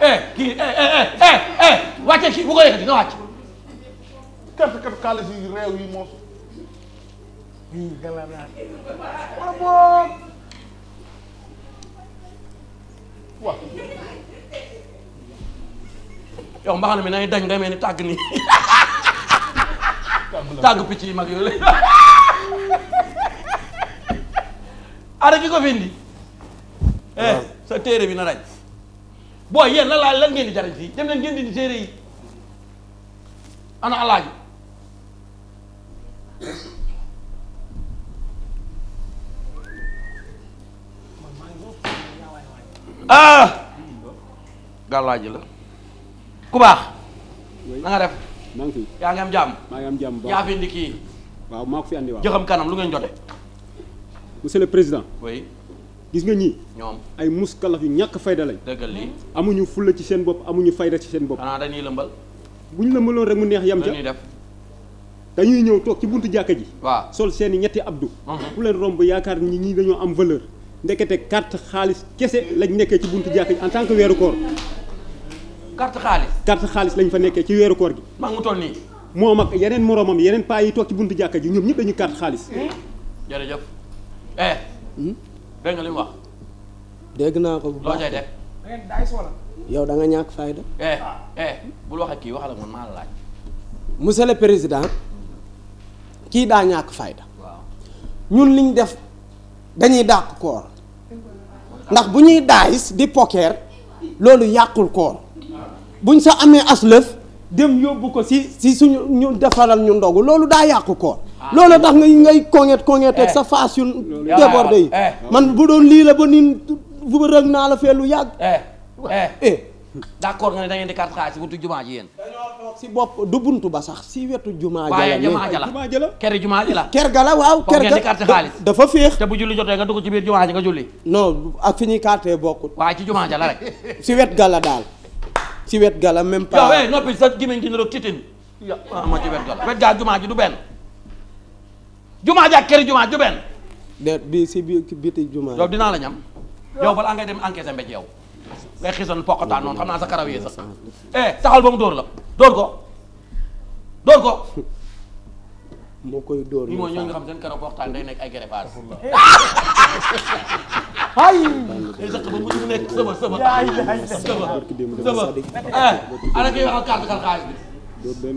eh kii eh, eh eh eh eh wàcce kii bu ko yëkkati nga dañ nga mel ni tàgg nii tàgg picc yi mag yooyu la ara ki ko eh, sa téere bi na boo yéen la laa lan ngeen di jariñ fii dem leen ngeen di téere yi ana alaaji ah gàllaaji la ku baax na nga def maa ngi fi yaa ngi am jàmm maa ngi am jàmm yaa fi indi kii waaw maa ko fi andi waaw jëxam kanam lu ngeen jote monsieur le président oui gis nga ñii. ñoom ay muskalaf yu ñàkk fayda lañ. dëggal lii amuñu fulla ci seen bopp amuñu fayda ci seen bopp. xanaa dañuy lëmbal. bu ñu lëmbaloon rek mu neex yam ca def. dañuy ñëw toog ci buntu jàkk ji. waaw sol seen i ñetti abdu. Mhm. ku leen romb yaakaar ni ñii dañoo am valeur. ndekete carte xaalis kese lañ nekkee ci buntu jàkka ji en tant que weeru koor. carte xaalis. carte xaalis lañ fa nekkee ci weeru koor gi. maa ngi toll nii. moom ak yeneen moromam yeneen paa yi toog ci buntu jàkk ji ñoom ñëpp dañuy carte xaalis. jërëjëf eh. Hmm? dégg nga li naa ko bu baax yow da ñàkk fayda. eh, eh wax ak kii waxal ak président kii daa ñàkk fayda. ñun liñ def dañuy dàq koor. ndax bu ñuy daayis di poker loolu yàqul koor buñ sa amee aslëf dem yóbbu ko si si suñu ñu defaral ñu ndogu loolu daa yàqu koor loolu tax ngay ngay koŋet koŋeteeg eh. sa face yu débordé yi eh. man bu doon lii la ba nin bu ba rëg naa la fee lu yàgg eh. d'accord nga ne da ngeen di carte xaalis si buntu du bunt ba sax si wetu jumaa ji la waaye jumaa ji la la kër ga la waaw kër ga dafa féex te bu julli jotee nga dugg ci biir jumaa ji nga julli non ak fi ñuy carte bokkut waaye ci jumaa ja la rek si wet ga la daal si wet ga la même pas noppi sa gémmiñ gi na roog wet ga la wet ga jumaa ji du benn jumaa jàkk këri jumaa ju benn si bi bi dinaa la ñam yow bala ngay dem enquête mbéj yow ngay xiisan poqataan noonu xam naa sa karaw yi sax eh taxal ba mu dóor la dóor ko dóor ko moo koy dóor ñi mooy ñoo nga xam seen karaw waxtaan day nekk ay greffage ay eh, bi am na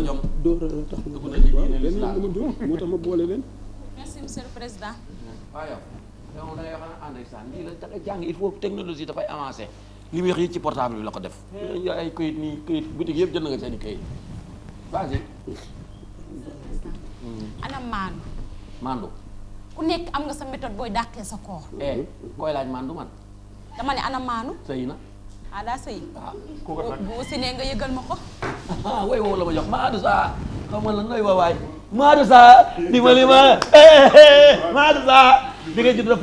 jom. dóor tax na waaw beneen lu ma dafay avancer li ci portable bi la ko def. Eh. ay këyit nii këyit boutique yëpp jënd nga seen i këyit vas hmm. maandu. ku nekk am nga sa méthode booy dàqee sa koor. eh koy laaj maandu man. dama ne ana maandu. ah daa sëy. ah kooku bu aussi nga yëgal ma ko. Ah, way woo la ma jox Maadou Sa xam nga lan lay waawaay Maadou Sa dimbali ma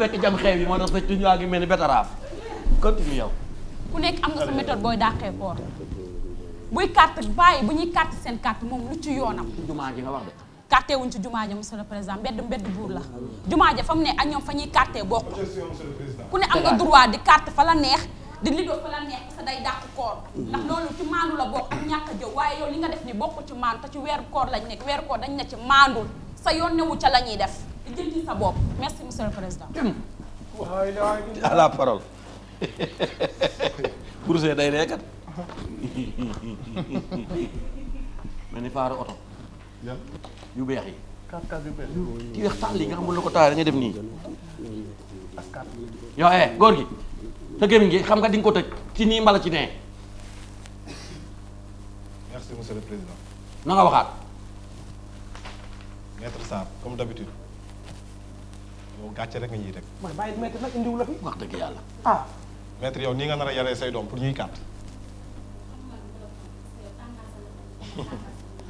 fekk jam xew yi moo tax sa tuñ waa ngi mel ni betaraaf continue yow. ku nekk am nga sa méthode booy dàqee koor buy carte bàyyi bu ñuy carte seen carte moom lu ci yoonam. jumaa ji nga wax de. carte wuñ ci jumaa ja monsieur le président mbedd mbedd buur la jumaa ja fa mu ne ak ñoom fa ñuy carte bokk ku ne am nga droit di carte fa la neex. di liggéey fa la neex parce day dàq koor ndax loolu ci maandu la bokk ak ñàkk a jëw waaye yow li nga def ni bokk ci maandu te ci weeru koor lañ nekk weeru koor dañ ne ci maandul sa yoon newu ca la ñuy def di jël sa bopp merci monsieur le président à la parole bourse day reekat mel ni faaru oto yu beex yi ci weex tàll yi nga xamul la ko taal da nga def nii yow eh góor gi sa gémmiñ gi xam nga di ko tëj ci nii mbala ci nee. merci monsieur le président. na waxaat. maître Sarr comme d'habitude yow gàcce rek nga ñuy rek. mooy bàyyi maître nag indiwu wax dëgg yàlla. ah. maître nii nga nar a yaree say doom pour ñuy kat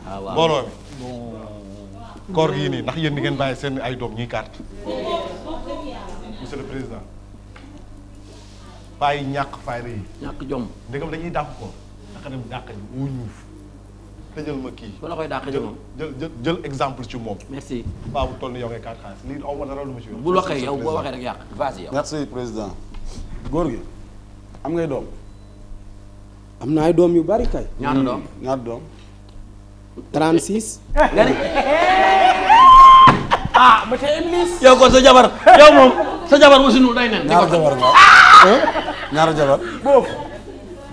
ah waaw mbooloo mi. koor nii ndax yéen di ngeen bàyyi seen ay doom ñuy kàtt. monsieur le président. faay ñàkk faay rëy. ñàkk jom ndegam dañuy dàq ko naka dem dàq ji wu ñuuf te jël ma kii. wala koy dàq ji moom jël jël jël ci moom. merci paa bu tol ni yow ngay kaat xaalis lii aw ma dara lu ma ci yow. bul waxee rek yàq vas-y yow. merci président góor gi am ngay doom. am na ay doom yu bari kay. ñaata hmm, doom ñaata doom. 36. nga ni ah ma ca Iblis. yow jabar yow moom jabar mosu ñu day nen. ñaata jabar nga ah! ñaara jabar boobu.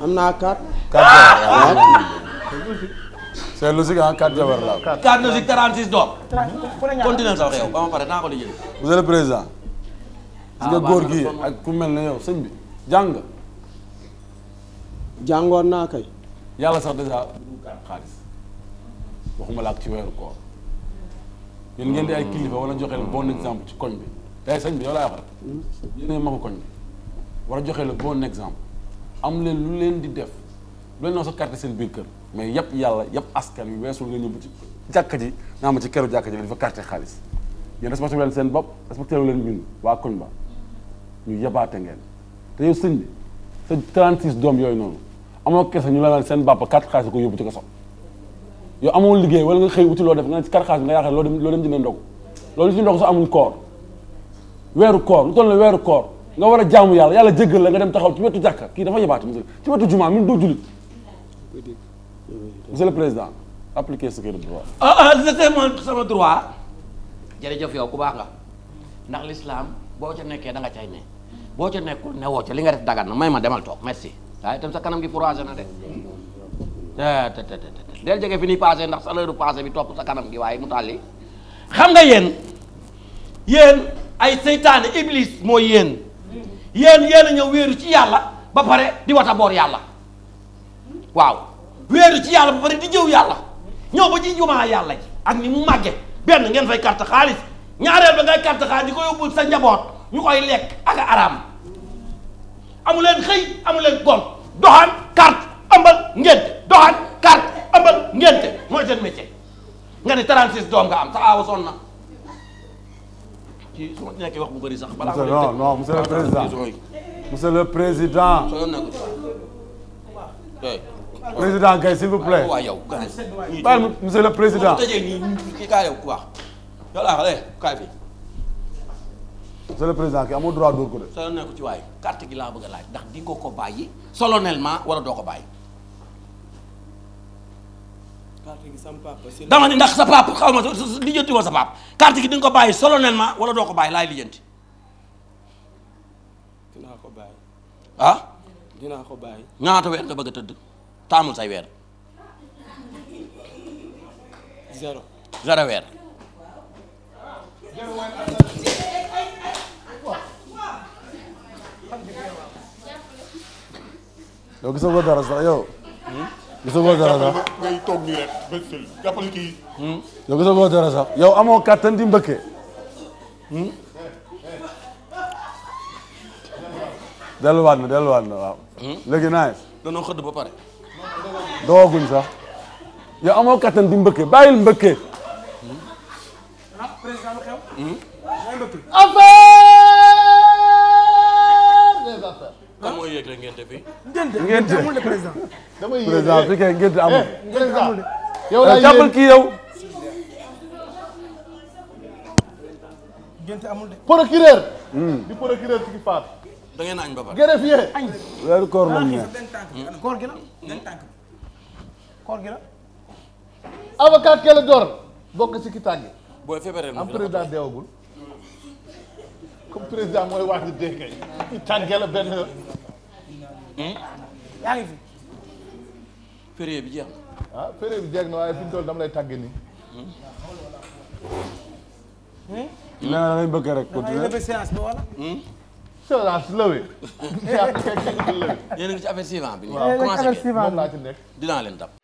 am naa quatre. quatre jabar waaw. c'est logique ah quatre jabar laa ko. quatre logique naa ko di président. ah nga góor gi ak ku mel ne yow sëñ bi jàng. jàngoon naa kay. yàlla sax dèjà xaalis waxuma la ak ci weeru koor yéen ngeen di ay kilifa wala joxe bon exemple ci koñ bi tey eh, yow laay wax hmm. ko war a joxe le bon exemple am leen lu leen di def lu leen noo sa carte seen biir kër mais yëpp yàlla yëpp askan wi weesul nga ñëw ci jàkka ji naa ma ci këru jàkka ji dafa carte xaalis yéen respecté seen bopp respecté leen ñun waa koñ ba ñu yabaate ngeen te yow sëñ bi sa yooyu noonu amoo kese ñu la naan seen bàpp carte xaalis ko yóbbu ci kaso yow amoo liggéey wala nga xëy wuti loo def nga ne ci carte xaalis bi nga yaakaar loo dem loo dem jëndee ndogu loolu ci ndogu sax amul koor weeru koor lu toll la weeru koor nga war a jaamu yàlla yàlla jéggal la nga dem taxaw ci wetu jàkka kii dafa yabaate monsieur ci wetu jumaa mi doo julit monsieur le président appliquez ce que ah, ah, sama droit jërëjëf yow ku baax nga ndax l'islam boo ci nekkee da nga cay ne boo ca nekkul ne woo ca li nga def dagan na may ma demal toog merci waaye itam sa kanam gi froissé na de te te te te del jege fi ni passé ndax sa leeru passé bi topp sa kanam gi waaye mu tàlli xam nga yéen yéen ay seytaane iblis mooy yéen yéen yéen a ñëw wéeru ci yàlla ba pare di wata boor yàlla waaw wéeru ci yàlla ba pare di jëw yàlla ñëw ba ci jumaa yàlla ji ak ni mu màgge benn ngeen fay carte xaalis ñaareel ba ngay carte xaalis di ko yóbbul sa njaboot ñu koy lekk ak araam amu leen xëy amu leen gont doxaan carte ëmbal ngénte doxaan carte ëmbal ngénte mooy seen métier nga ne 36 doom nga am sa aawa sonn na ci su ma nekkee wax bu bëri sax. balaa non non monsieur le président monsieur le président. président Guèye s'il vous plaît. waaw yow monsieur le président. monsieur le président ki amul droit dóor ko de. solo nekk ci waay carte gi laa bëgg a laaj ndax di nga ko bàyyi solennellement wala doo ko bàyyi. dama ni ndax sa pap xaw ma lijjanti woo sa pap carte gi di ko bàyyi solennellement wala doo ko bàyyi laay ah? ñaata weer nga bëgg a tëdd taamul say weer zéro weer gisagoo dara sax hmm? dara sax yow amoo kàttan di mbëkke. Hmm? delluwaat na delluwaat na waaw. Hmm? léegi naa yees. danoo xëdd ba pare. yow amoo kattan mbëkke bàyyil mbëkke. président ah mooy yëg rek ngente bi. ngente ngente amul président. damay yëg président su fekkee ngente amul. Eh, yow laa eh, jàppal kii yow. amul de. procureur. Hmm. di procureur ci faat. da ngeen añ koor la ñu gi la benn tànk koor gi la. avocat Kelle Dor bokk ci ki tàgge. booy feebaree am président comme président mooy waaj a dégg ñu tànkee la benn yoon. Hmm? yaa ngi bi jeex na. ah période bi jeex na waaye fi mu toll dama lay tàgge ni nee hmm? na lay bëgg rek continuer damay séance bi wala. Hmm? séance lëwee. séance kekk lëwee. yéen a ngi ci affaire suivant bi. waaw commencé ngeen moom laa ci nekk dinaa leen dab.